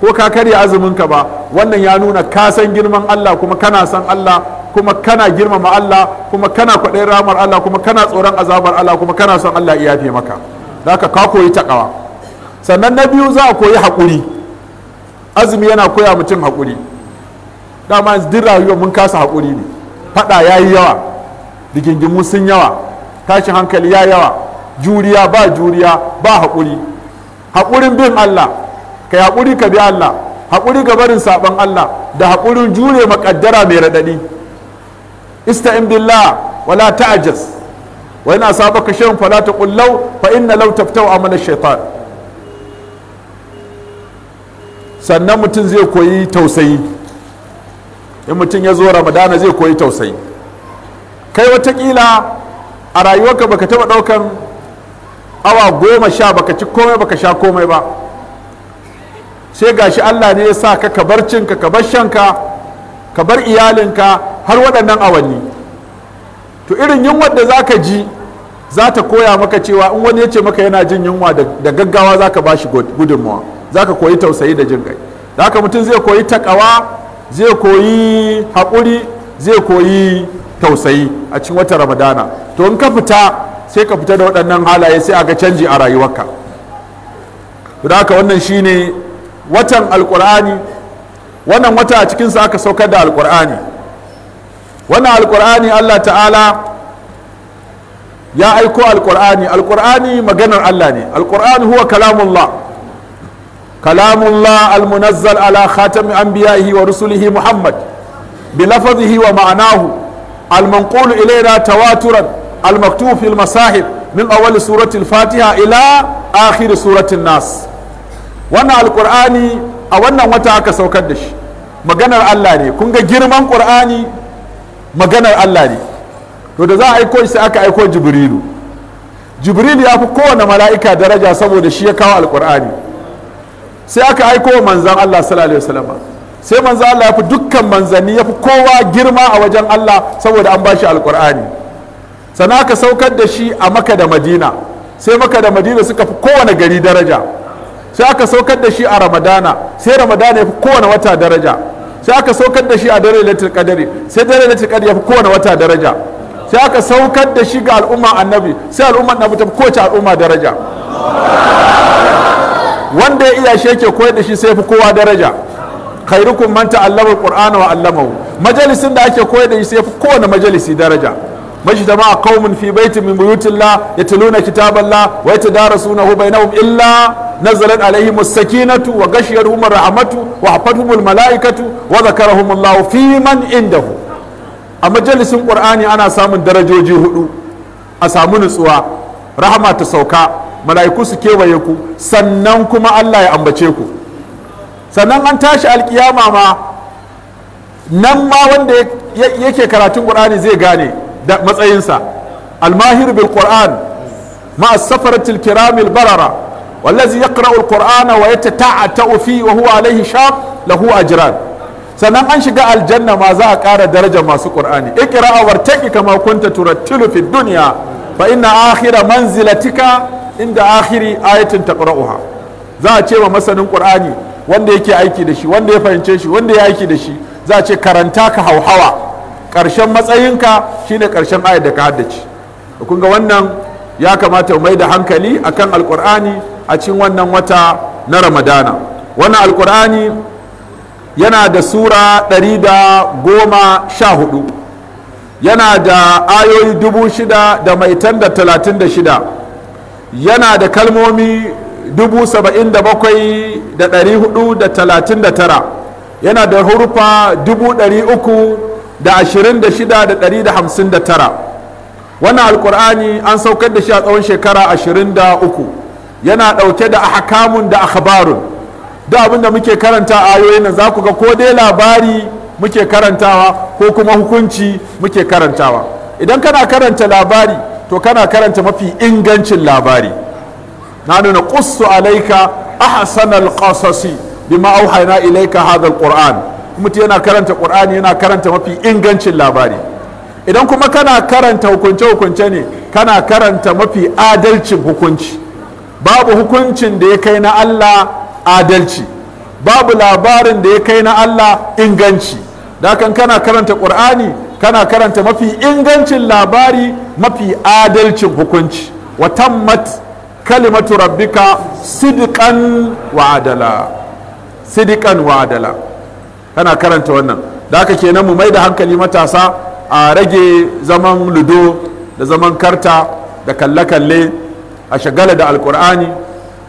ko ka karya azumin ka ba wannan ya nuna ka san girman Allah kuma kana san Allah kuma kana girmama Allah kuma kana kwaɗayin ramar Allah kuma kana tsoron azabar Allah kuma kana son Allah iya fi maka zaka ka koyi takawa sannan na biyu za a koyi haƙuri azumi yana koya mutum haƙuri dama duk rayuwa mun kasa haƙuri ne faɗa ya yi yawa rigingimu sun yawa tashin hankali ya yawa juriya ba juriya ba haƙuri haƙurin bin allah ka haƙuri ka bi allah haƙuri ga barin saɓon allah da haƙurin jure maƙaddara mai raɗaɗi Ista in billah wala ta'ajaz wa yana ka shan fala ta kullau fa inna law taftau amala shaitan sannan mutum zai koyi tausayi in mutum ya zo ramadana zai koyi tausayi kai watakila a rayuwarka baka taba daukan awa goma sha baka ci komai baka sha komai ba sai gashi allah ne ya sa ka kabar cinka kabar shanka kabar iyalinka har waɗannan awanni to irin yin da za ka ji za ta koya maka cewa in wani ya ce maka yana jin yunwa da gaggawa za ka bashi gudunmuwa. za ka koyi tausayi da jin kai da ka mutum zai koyi takawa zai koyi haƙuri zai koyi tausayi a cikin watan ramadana to in ka fita sai ka fita da waɗannan halaye sai ga canji a rayuwarka to da haka wannan shine watan alkur'ani wannan wata a cikinsa aka saukar da alkur'ani wannan alkur'ani allah ta'ala ya aiko alkur'ani alkur'ani maganar allah ne alkur'ani huwa kalamullah kalamullah almunazzal ala khatami anbiya'ihi wa rusulihi muhammad بلفظه ومعناه المنقول إلينا تواترا المكتوب في المصاحف من أول سورة الفاتحة إلى آخر سورة الناس wannan alkur'ani a wannan wata aka saukar da shi maganar Allah ne kun ga girman ƙur'ani maganar Allah ne to da za a aiko shi sai aka aiko jibrilu jibrilu ya fi kowane mala'ika daraja saboda shi ya kawo alkur'ani sai aka aiko manzan Allah sallallahu alaihi wasallam sai manzo Allah ya fi dukkan manzanni ya fi kowa girma a wajen Allah saboda an bashi alkur'ani sana ka saukar da shi a maka da madina sai maka da madina suka fi kowane gari daraja sai aka saukar da shi a ramadana sai ramadana ya fi kowane wata daraja sai aka saukar da shi a dare latin kadari sai dare latin kadari ya fi kowane wata daraja sai aka saukar da shi ga al'umma annabi sai al'umma annabi ta fi kowace al'umma daraja wanda ya iya shi yake koyar da shi sai fi kowa daraja khairukum man ta'allama alqur'ana wa 'allamahu majalisin da ake koyar da shi sai kowane majalisi daraja majtama qaumun fi baitin min buyutillah yatluna kitaballah wa yatadarasunahu bainahum illa nazalat alaihim as-sakinatu wa ghashiyatuhum ar-rahmatu wa hafathum al-malaikatu wa dhakarahum Allah fi man indahu a majalisin qur'ani ana samun darajoji hudu a samu nutsuwa rahama ta sauka mala'iku su kewaye ku sannan kuma Allah ya ambace ku sannan an tashi alkiyama ma nan ma wanda yake karatun qur'ani zai gane da matsayinsa almahir bil qur'an ma safaratil kiramil barara wallazi yaqra'u alqur'ana wa yatata'atu fi wa huwa alaihi shaq lahu ajran sannan an shiga aljanna ma za a ƙara daraja masu qur'ani iqra'a wartaqi kama kunta turattilu fid dunya fa inna akhira manzilatika inda akhiri ayatin taqra'uha za a ce wa masanin qur'ani wanda yake aiki da shi wanda ya fahimce shi wanda ya aiki da shi za a ce karanta ka hauhawa ƙarshen matsayinka shine ƙarshen ayar da ka haddace kun ga wannan ya kamata mu mai da hankali akan alkur'ani a cikin wannan wata na ramadana wannan alkur'ani yana da sura ɗari da goma sha hudu yana da ayoyi dubu shida da maitan da talatin da shida yana da kalmomi tara yana da hurufa 326,159 wannan alkur'ani an saukar da shi a tsawon shekara 23 yana ɗauke da ahkamun da akhbarun da abin da muke karanta ayoyin nan za ku ga ko dai labari muke karantawa ko kuma hukunci muke karantawa idan kana karanta labari to kana karanta mafi ingancin labari nanu naqussu alayka ahsanal qasasi bima auhayna ilaika hadha alquran mutum yana karanta kur'ani yana karanta mafi ingancin labari idan kuma kana karanta hukunce hukunce ne kana karanta mafi adalcin hukunci babu hukuncin da ya kai na Allah adalci babu labarin da ya kai na Allah inganci dakan kana karanta qur'ani kana karanta mafi ingancin labari mafi adalcin hukunci wa tammat kalimatu rabbika sidqan wa adala sidqan wa adala kana karanta wannan da haka kenan mu mai da hankali matasa a rage zaman ludo da zaman karta da kalle-kalle a shagala da alkur'ani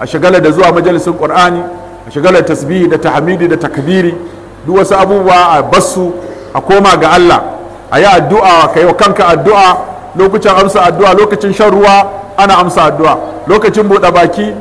a shagala da zuwa majalisin qur'ani a shagala tasbihi da tahmidi da takbiri duk wasu abubuwa a basu a koma ga Allah a yi addu'a kai wa kanka addu'a lokacin amsa addu'a lokacin shan ruwa ana amsa addu'a lokacin buɗe baki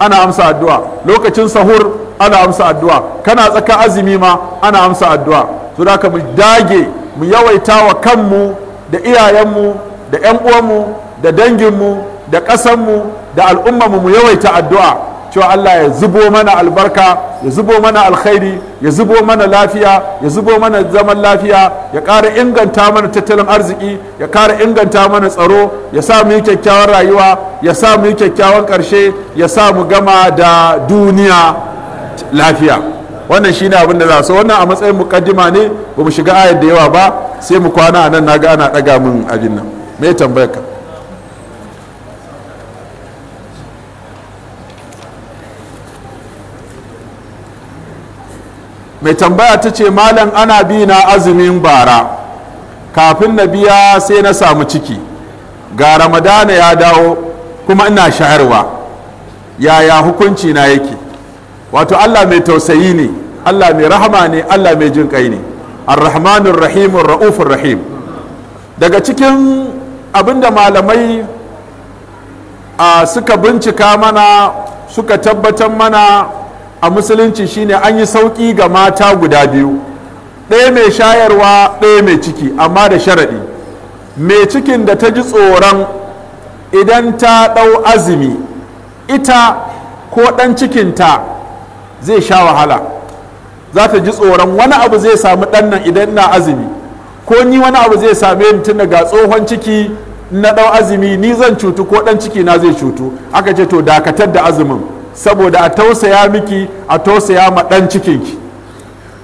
ana amsa addu'a lokacin sahur ana amsa addu'a kana tsaka azumi ma ana amsa addu'a to da mu dage mu yawaita wa kanmu da iyayenmu da 'yan uwanmu da danginmu da ƙasanmu da al'ummarmu mu yawaita addu'a cewa Allah ya zubo mana albarka ya zubo mana alkhairi ya zubo mana lafiya ya zubo mana zaman lafiya ya ƙara inganta mana tattalin arziki ya ƙara inganta mana tsaro ya sa mu yi kyakkyawan rayuwa ya sa mu yi kyakkyawan ƙarshe ya sa mu gama da duniya lafiya wannan shine abin da za su wannan a matsayin mukaddima ne ba mu shiga ayar da yawa ba sai mu kwana a nan ga ana ɗaga min abin nan me tambayar mai tambaya ta ce malam ana bi na azumin bara kafin na biya sai na samu ciki ga ramadana ya dawo kuma ina shayarwa yaya hukunci na yake wato allah mai tausayi ne allah mai rahama ne allah mai jin kai ne arrahmanur rahimun ra'ufur rahim daga cikin abin da malamai suka bincika mana suka tabbatar mana a musulunci shine an yi sauƙi ga mata guda biyu ɗaya mai shayarwa ɗaya mai ciki amma da sharaɗi mai cikin da ta ji tsoron idan ta ɗau azumi ita ko ɗan cikinta zai sha wahala za ta ji tsoron wani abu zai sami ɗannan idan na azumi ko ni wani abu zai same ni tun daga tsohon ciki na ɗau azumi ni zan cutu ko ɗan ciki na zai cutu aka ce to dakatar da azumin saboda a tausaya miki a tausaya ma ɗan cikinki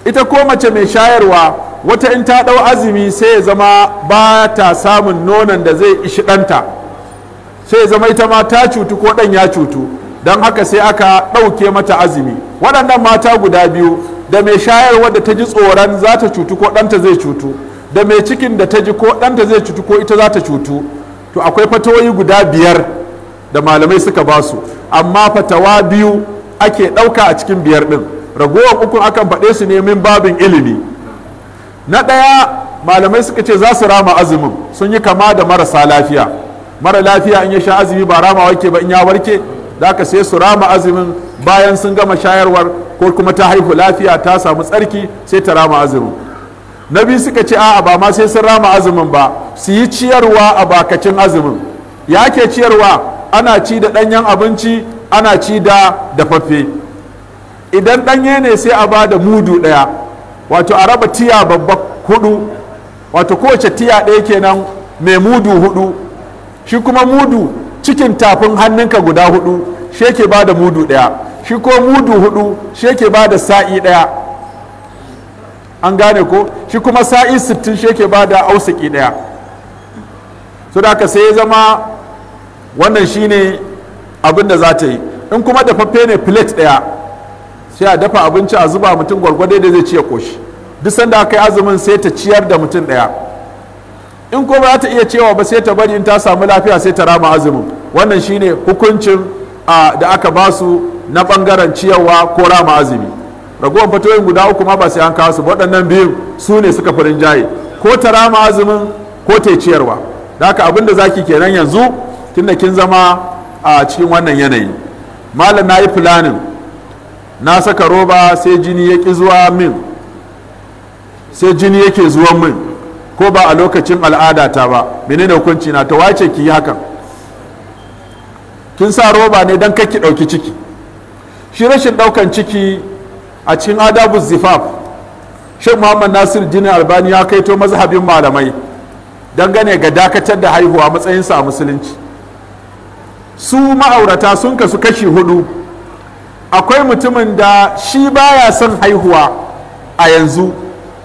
ita ko mace mai shayarwa wata in ta ɗau azumi sai ya zama ba ta samun nonon da zai ishi ɗanta sai ya zama ita ma ta cutu ko ɗan ya cutu don haka sai aka ɗauke mata azumi waɗannan mata guda biyu da mai shayarwa da ta ji tsoron za ta cutu ko ɗanta zai cutu da mai cikin da ta ji ko ɗanta zai cutu ko ita za ta cutu to akwai fatoyi guda biyar da malamai suka ba su amma fatawa biyu ake ɗauka a cikin biyar ɗin ragowar uku akan faɗe su ne min babin ilimi na ɗaya malamai suka ce za su rama azumin sun yi kama da marasa lafiya mara lafiya in ya sha azumi ba rama wake ba in ya warke da aka sai su rama azumin bayan sun gama shayarwar ko kuma ta haihu lafiya ta samu tsarki sai ta rama azumin na biyu suka ce a'a ba ma sai sun rama azumin ba su yi ciyarwa a bakacin azumin ya ke ciyarwa ana ci da ɗanyen abinci ana ci da dafaffe idan ɗanye ne sai a ba da mudu ɗaya wato a raba tiya babba hudu wato kowace tiya ɗaya kenan mai mudu hudu shi kuma mudu cikin tafin hannunka guda hudu shi ke ba da mudu ɗaya shi ko mudu hudu shi ke ba da sa'i ɗaya an gane ko shi kuma sa'i sittin shi ke ba da ausiki ɗaya so da sai ya zama wannan shine abin da za ta yi in kuma dafaffe ne plate daya sai a dafa abinci a zuba mutum gwargwade da zai ci koshi duk sanda aka yi azumin sai ta ciyar da mutum ɗaya in kuma za ta iya cewa ba sai ta bari in ta samu lafiya sai ta rama azumin wannan shine hukuncin da aka ba su na bangaren ciyarwa ko rama azumi ragowar fatoyin guda uku ma ba sai an kawo su waɗannan biyun su ne suka fi rinjaye ko ta rama azumin ko ta ciyarwa da haka abin da zaki kenan yanzu tunda kin zama a cikin wannan yanayi malam na yi fulanin na saka roba sai jini ya ƙi zuwa min sai jini yake zuwa min ko ba a lokacin al'adata ba menene hukunci na ta wace ki yi hakan kin sa roba ne don kake ɗauki ciki shi rashin ɗaukan ciki a cikin adabu zifaf shek muhammad nasir jini albani ya kaito mazhabin malamai dangane ga dakatar da haihuwa matsayinsa a musulunci su ma'aurata sun kasu kashi hudu akwai mutumin da shi baya son haihuwa a yanzu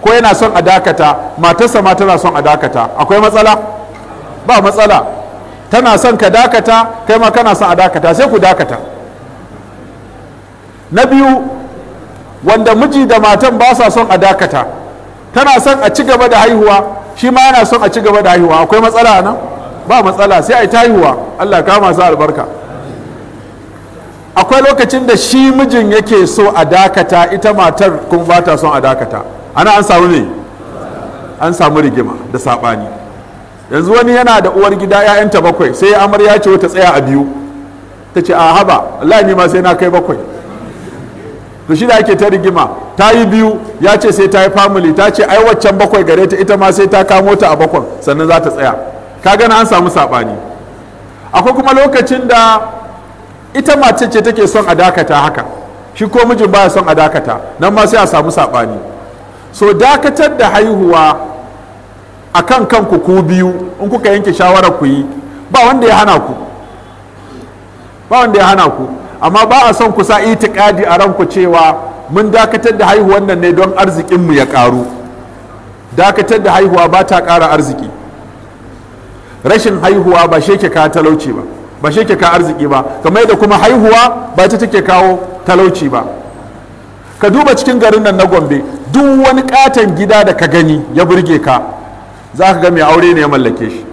ko yana son a dakata matarsa ma tana son a dakata akwai matsala ba matsala tana son ka dakata kai ma kana son a dakata sai ku dakata na biyu wanda miji da matan ba sa son a dakata tana son a ci gaba da haihuwa shi ma yana son a ci gaba da haihuwa akwai matsala nan ba matsala sai a yi tayuwa allah kama su albarka akwai lokacin da shi mijin yake so a dakata ita matar kuma ba ta son a dakata ana an samu ne an samu rigima da saɓani yanzu wani yana da uwar gida 'ya'yanta bakwai sai amarya ce ta tsaya a biyu ta ce a haba wallahi ni ma sai na kai bakwai to shi da ake ta rigima ta yi biyu ya ce sai ta yi family ta ce ai waccan bakwai gare ta ita ma sai ta kamo ta a bakwai sannan za ta tsaya ka gana an samu saɓani akwai kuma lokacin da ita mace ce take son a dakata haka shi ko mijin baya son a dakata nan ma sai a samu saɓani so dakatar da haihuwa a kan kanku ku biyu in kuka yanke shawarar ku yi ba wanda ya hana ku ba wanda ya hana ku amma ba a son ku sa itikadi a ranku cewa mun dakatar da haihuwan nan ne don arzikinmu ya ƙaru dakatar da haihuwa ba ta ƙara arziki rashin haihuwa ba shi ke talauci ba ba shi ke arziki ba kamar yadda kuma haihuwa ba ita take kawo talauci ba ka duba cikin garin nan na gombe duk wani katon gida da ka gani ya burge ka za ka ga mai aure ne ya mallake shi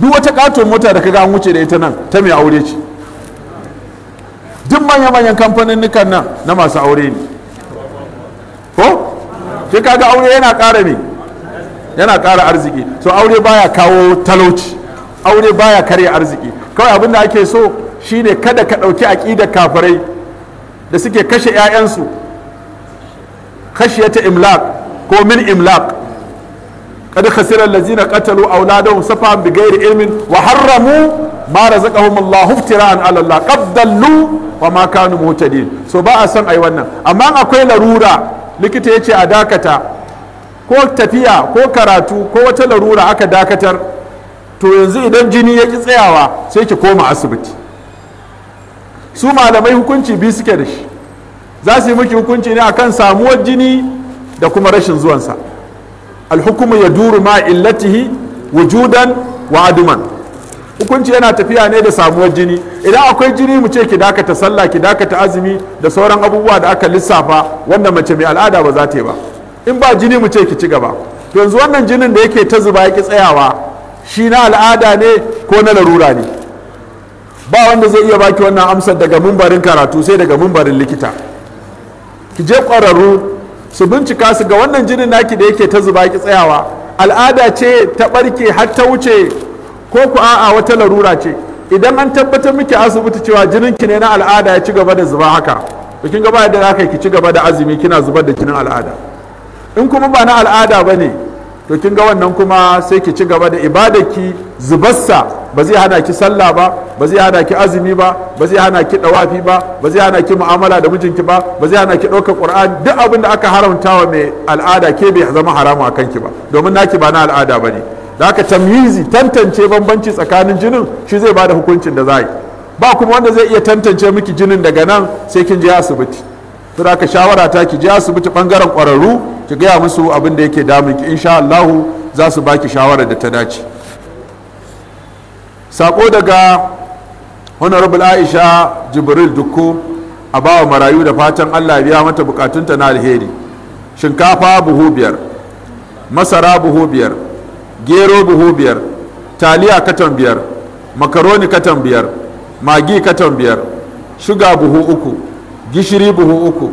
duk wata katon mota da ka ga an wuce da ita nan ta mai aure ce duk manya-manyan kamfanin nan na masu aure ne ko? shi ga aure yana ƙara ne yana ƙara arziki so aure baya kawo talauci aure baya karya arziki kawai abin da ake so shine kada ka ɗauki aƙidar kafirai da suke kashe 'ya'yansu ta imlaq ko min imlaq lazina qatalu الذين قتلوا bighairi ilmin Wa harramu ma razaqahum Allah الله 'ala Allah qaddallu wa ma kanu كانوا so ba a san ai wannan amma akwai larura likita yace a dakata ko tafiya ko karatu ko wata larura aka dakatar to yanzu idan jini ya ki tsayawa sai ki koma asibiti su malamai hukunci bi suke da shi za su yi miki hukunci ne akan samuwar jini da kuma rashin zuwansa alhukumu ya duru ma illatihi wujudan wa aduman hukunci yana tafiya ne da samuwar jini idan akwai jini mu ce ki dakata sallah ki dakata azumi da sauran abubuwa da aka lissafa wanda mace mai al'ada ba za ta yi ba in ba jini mu ce ki ci gaba yanzu wannan jinin da yake ta zuba yaki tsayawa shi na al'ada ne ko na larura ne ba wanda zai iya baki wannan amsar daga mumbarin karatu sai daga mumbarin likita ki je kwararru su bincika su ga wannan jinin naki da yake ta zuba yaki tsayawa al'ada ce ta ɓarke har ta wuce ko ku a'a wata larura ce idan an tabbatar miki asibiti cewa jinin ki ne na al'ada ya ci gaba da zuba haka to kin gaba da za ki ci gaba da azumi kina zubar da jinin al'ada in kuma ba na al'ada ba ne to kin ga wannan kuma sai ki ci gaba da ibadarki zubarsa ba zai hana ki sallah ba ba zai hana ki azumi ba ba zai hana ki dawafi ba ba zai hana ki mu'amala da mijinki ba ba zai hana ki ɗaukar qur'an duk abin da aka haramta wa mai al'ada ke bai zama haramu a kanki ba domin naki ba na al'ada ba ne da aka tamyizi tantance bambanci tsakanin jinin shi zai bada hukuncin da za yi ba kuma wanda zai iya tantance miki jinin daga nan sai kin je asibiti sai aka shawara ta ki je asibiti bangaren kwararru ki gaya musu abin da yake damun ki insha Allah za su baki shawara da ta dace sako daga honorable Aisha Jibril Dukko a bawa marayu da fatan Allah biya mata bukatunta na alheri shinkafa buhu biyar masara buhu biyar gero buhu biyar taliya katon biyar makaroni katon biyar magi katon biyar shuga buhu uku gishiri buhu uku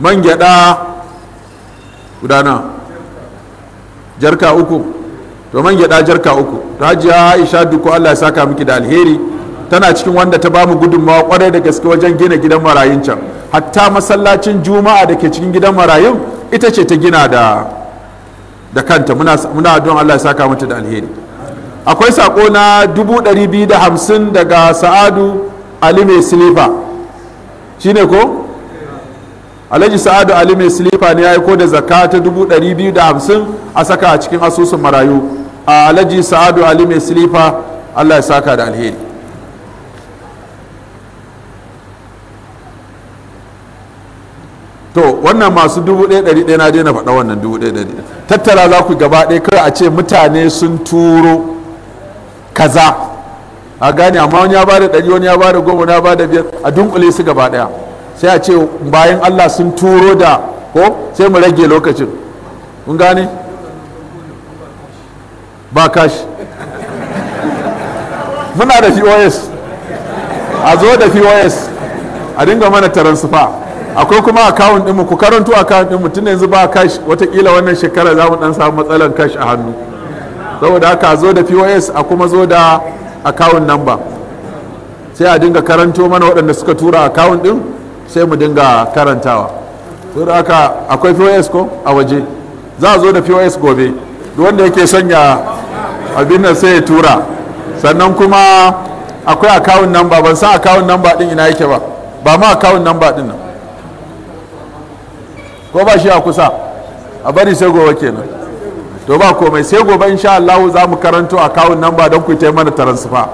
man gyada gudana jarka uku to man gyada jarka uku to hajiya aisha duku allah ya saka miki da alheri tana cikin wanda ta bamu gudunmawa kwarai da gaske wajen gina gidan marayun can hatta masallacin juma'a da ke cikin gidan marayun ita ce ta gina da da kanta muna don allah ya saka mata da alheri akwai sako na 250 daga sa'adu ali mai silifa shi ne ko alhaji sa'adu ali mai silifa ne ya aiko da zakka ta 250 a saka a cikin asusun marayu a alhaji sa'adu ali mai silifa allah ya saka da alheri to wannan masu 1100 na je na faɗa wannan 1100 tattara za ku gaba ɗaya kawai a ce mutane sun turo kaza a gane amma wani ya bada ɗari wani ya bada goma wani ya bada biyar a dunkule su gaba ɗaya sai a ce bayan allah sun turo da ko sai mu rage lokacin kun gane ba kashi muna da pos a zo da pos a dinga mana taransifa akwai kuma akawun ɗinmu ku karanto akawun ɗinmu tun yanzu ba kash watakila wannan shekara za mu ɗan samu matsalan kash a hannu saboda haka zo da pos a kuma zo da account number sai a dinga karanto mana waɗanda suka tura account din sai mu dinga karantawa da aka akwai pos ko a waje za a zo da pos gobe duk wanda yake sanya abin nan sai ya tura sannan kuma akwai account number ban san account number din ina yake ba ba ma account number din nan ko ba shi a kusa a bari sai gobe kenan to ba komai sai gobe insha Allah za mu karanto akawun nan ba don ku ta mana taransifa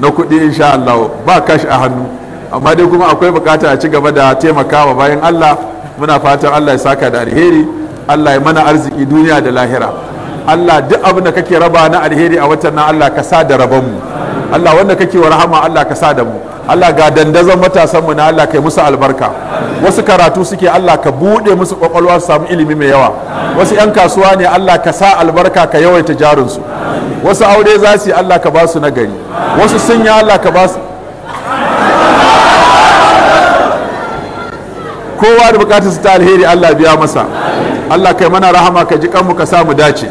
na kuɗi insha Allah ba kashi a hannu amma dai kuma akwai bukata a ci gaba da taimakawa bayan Allah muna fatan Allah ya saka da alheri Allah ya mana arziki duniya da lahira Allah duk abin da kake raba na alheri a watan nan Allah ka sa da rabon mu Allah wanda kake wa rahama Allah ka sa da mu Allah ga dandazon matasan mu na Allah kai musu albarka wasu karatu suke Allah ka bude musu kwakwalwa su samu ilimi mai yawa wasu yan kasuwa ne Allah ka sa albarka ka yawaita jarinsu su wasu aure za su Allah ka ba su nagari wasu sun yi Allah ka ba su kowa da bukatar su ta alheri Allah biya masa Allah kai mana rahama ka ji kanmu ka sa mu dace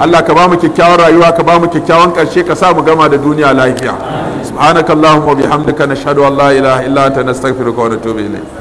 Allah ka ba mu kyakkyawan rayuwa ka ba mu kyakkyawan ƙarshe ka sa mu gama da duniya lafiya subhanakallahumma wa bihamdika ka an la ilaha illa anta nastaghfiruka wa natubu